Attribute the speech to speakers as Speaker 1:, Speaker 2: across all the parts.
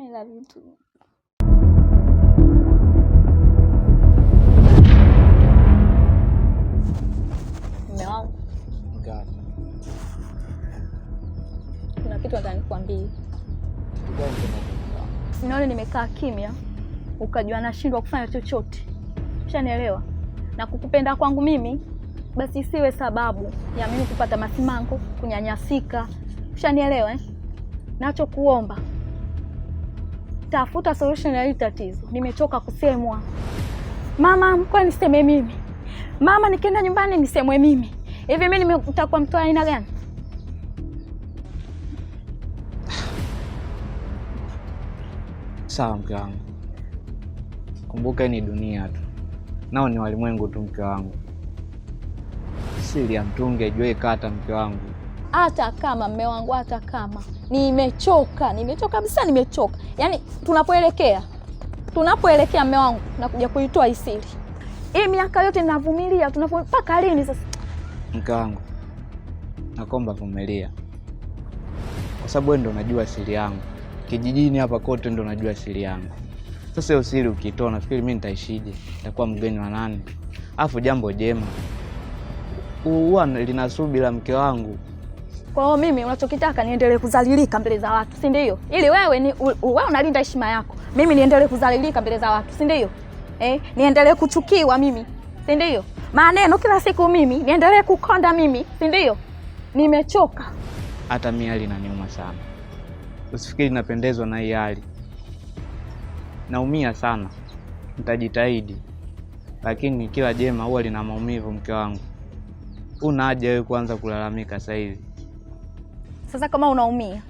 Speaker 1: I love you too. kuna kitu nataka nikwambie. nimekaa kimya ukajua nashindwa kufanya chochote, ushanielewa? Na kukupenda kwangu mimi basi isiwe sababu ya mimi kupata masimango, kunyanyasika, ushanielewa eh? Nachokuomba tafuta solution ya hili tatizo. Nimechoka kusemwa mama mkwe, niseme mimi mama, nikienda nyumbani nisemwe mimi. Hivi mimi nimetakuwa mtu aina gani?
Speaker 2: Sawa mke wangu, kumbuka ni dunia tu, nao ni walimwengu tu mke wangu. Siri ya mtungi kata mke wangu
Speaker 1: hata kama mme wangu, hata kama nimechoka, nimechoka kabisa, nimechoka. Yani tunapoelekea tunapoelekea mme wangu, nakuja kuitoa isiri hii. Miaka yote navumilia, mpaka lini sasa?
Speaker 2: Mke wangu, nakomba vumilia, kwa sababu wewe ndo unajua siri yangu kijijini hapa kote, ndo unajua siri yangu. Sasa hiyo siri ukitoa, nafikiri mimi nitaishije? Nitakuwa mgeni wa nani? Afu jambo jema huwa linasubira mke wangu
Speaker 1: kwa hiyo mimi unachokitaka niendelee kuzalilika mbele za watu, si ndio? Ili wewe ni wewe unalinda heshima yako, mimi niendelee kuzalilika mbele za watu, si ndio? Eh, niendelee kuchukiwa mimi, si ndio? Maneno kila siku mimi, niendelee kukonda mimi, si ndio? Nimechoka.
Speaker 2: Hata mimi hali inaniuma sana, usifikiri napendezwa na hii hali. Naumia sana, nitajitahidi, lakini kila jema huwa lina maumivu. Mke wangu, una haja wewe kuanza kulalamika sasa hivi.
Speaker 1: Sasa kama unaumia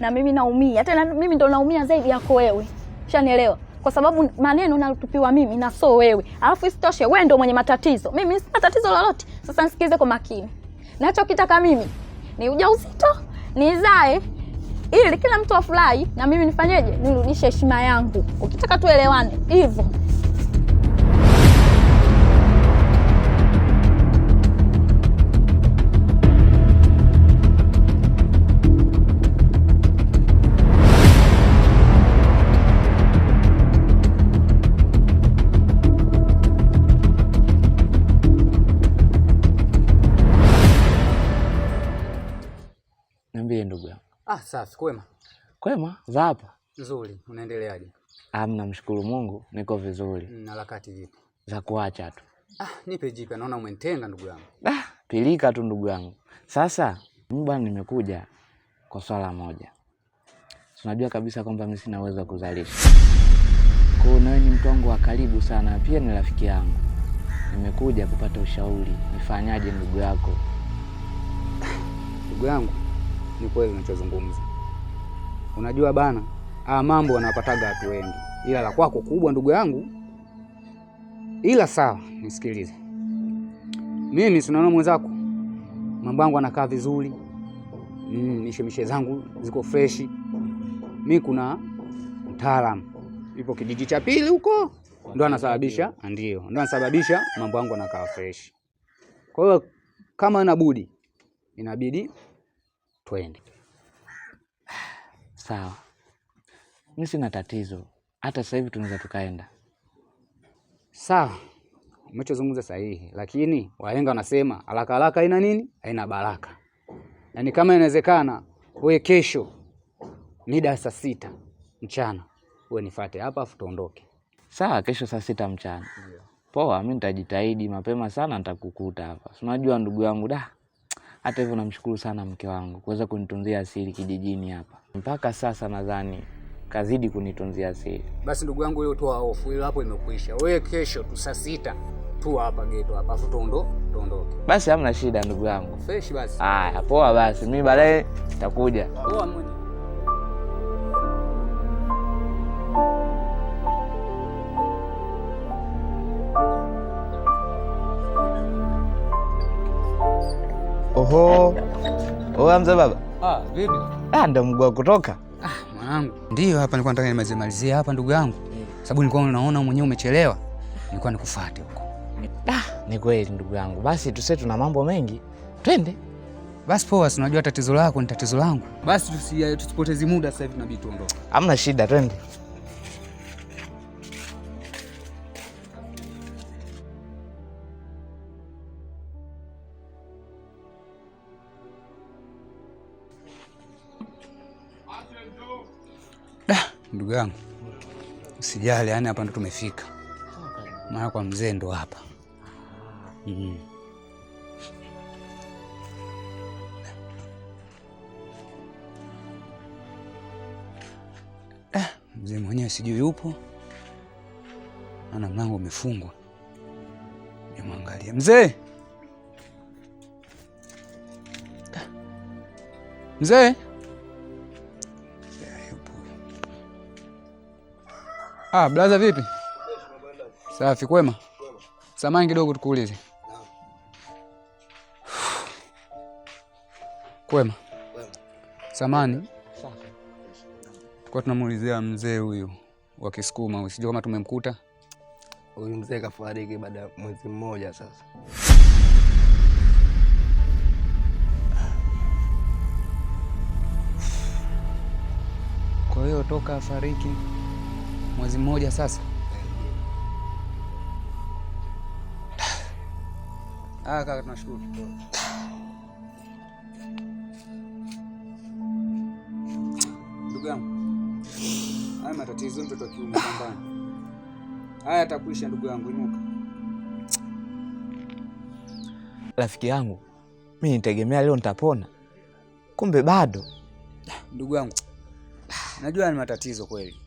Speaker 1: na mimi naumia, tena mimi ndo naumia zaidi yako wewe, shanielewa? Kwa sababu maneno natupiwa mimi na so wewe, alafu isitoshe wewe ndo mwenye matatizo, mimi sina tatizo lolote. Sasa nisikize kwa makini, nachokitaka mimi ni ujauzito, nizae ili kila mtu afurahi, na mimi nifanyeje? Nirudishe heshima yangu. Ukitaka tuelewane hivyo.
Speaker 2: Niambie ndugu yangu.
Speaker 3: Ah, safi kwema.
Speaker 2: Kwema, za hapa?
Speaker 3: Nzuri, unaendeleaje?
Speaker 2: Ah, namshukuru Mungu niko vizuri.
Speaker 3: Na harakati vipi?
Speaker 2: Za kuacha tu.
Speaker 3: Ah, nipe jipya, naona umenitenga ndugu yangu.
Speaker 2: Ah, pilika tu ndugu yangu. Sasa mbona nimekuja kwa swala moja. Tunajua kabisa kwamba mimi sina uwezo wa kuzalisha. Kwa hiyo nawe ni mtu wangu wa karibu sana, pia ni rafiki yangu. Nimekuja kupata ushauri, nifanyaje ndugu yako?
Speaker 4: Ndugu yangu ni kweli unachozungumza. Unajua bana, haya mambo wanapataga watu wengi, ila la kwako kubwa, ndugu yangu. Ila sawa, nisikilize mimi, sinaona mwenzako mambo yangu anakaa vizuri, mishemishe mm, zangu ziko freshi. Mi kuna mtaalamu ipo kijiji cha pili huko, ndo anasababisha ndio ndo anasababisha mambo yangu anakaa freshi. Kwa hiyo kama inabudi inabidi twende.
Speaker 2: Sawa, mi sina tatizo, hata sasa hivi tunaweza tukaenda.
Speaker 4: Sawa, umechozungumza sahihi, lakini wahenga wanasema haraka haraka haina nini, haina baraka. Yaani kama inawezekana, wewe kesho mida saa sita mchana wewe nifate hapa afu tuondoke.
Speaker 2: Sawa, kesho saa sita mchana. Poa, mi nitajitahidi mapema sana, nitakukuta hapa. Unajua ndugu yangu da hata hivyo namshukuru sana mke wangu kuweza kunitunzia asili kijijini hapa, mpaka sasa nadhani kazidi kunitunzia asili.
Speaker 4: Basi ndugu yangu, hiyo toa hofu, hiyo hapo imekuisha. Wewe kesho tu sita tu hapa geto hapa, afu tuondo tuondoke.
Speaker 2: Basi hamna shida ndugu yangu. Fresh basi. Haya, poa basi, mimi baadaye nitakuja. Poa. Oho. Oa mzee baba. Ah, vipi? Ah, ndo mguu kutoka.
Speaker 5: Ah, mwanangu. Ndio hapa nilikuwa nataka nimalizie malizie hapa ndugu yangu. Sababu nilikuwa naona mwenyewe umechelewa. Nilikuwa nikufuate huko.
Speaker 2: Ah, ni kweli ndugu yangu. Basi tuse tuna mambo mengi. Twende.
Speaker 5: Basi poa, unajua tatizo lako ni tatizo langu. Basi eh, tusipoteze muda sasa hivi tunabidi tuondoke.
Speaker 2: Hamna shida, twende.
Speaker 4: Ndugu yangu usijali, yani hapa ndo tumefika, maana kwa mzee ndo hapa mm. mzee mwenyewe sijui yupo, maana mlango umefungwa. imwangalia mzee. Eh, mzee. Ah, blaza vipi? Safi kwema. Samani kidogo tukuulize. Kwema. Samani. Kwa tunamuulizia mzee huyu wa Kisukuma, usijua kama tumemkuta.
Speaker 6: Huyu mzee kafariki baada ya mwezi mmoja sasa.
Speaker 4: Kwa hiyo toka afariki mwezi mmoja sasa. Ah, kaka, tunashukuru. Ndugu yangu, haya matatizo mtoto kiume shambani, haya atakwisha ndugu yangu, inuka.
Speaker 2: Rafiki yangu, mi nitegemea leo nitapona, kumbe bado.
Speaker 4: Ndugu yangu, najua ni matatizo kweli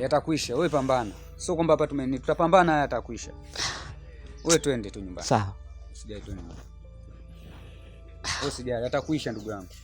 Speaker 4: Yatakwisha, wewe pambana. Sio kwamba hapa tumeni, tutapambana haya yatakwisha. Wewe twende tu nyumbani.
Speaker 2: Sawa. Usijali tu nyumbani.
Speaker 4: Wewe usijali, ndugu yangu.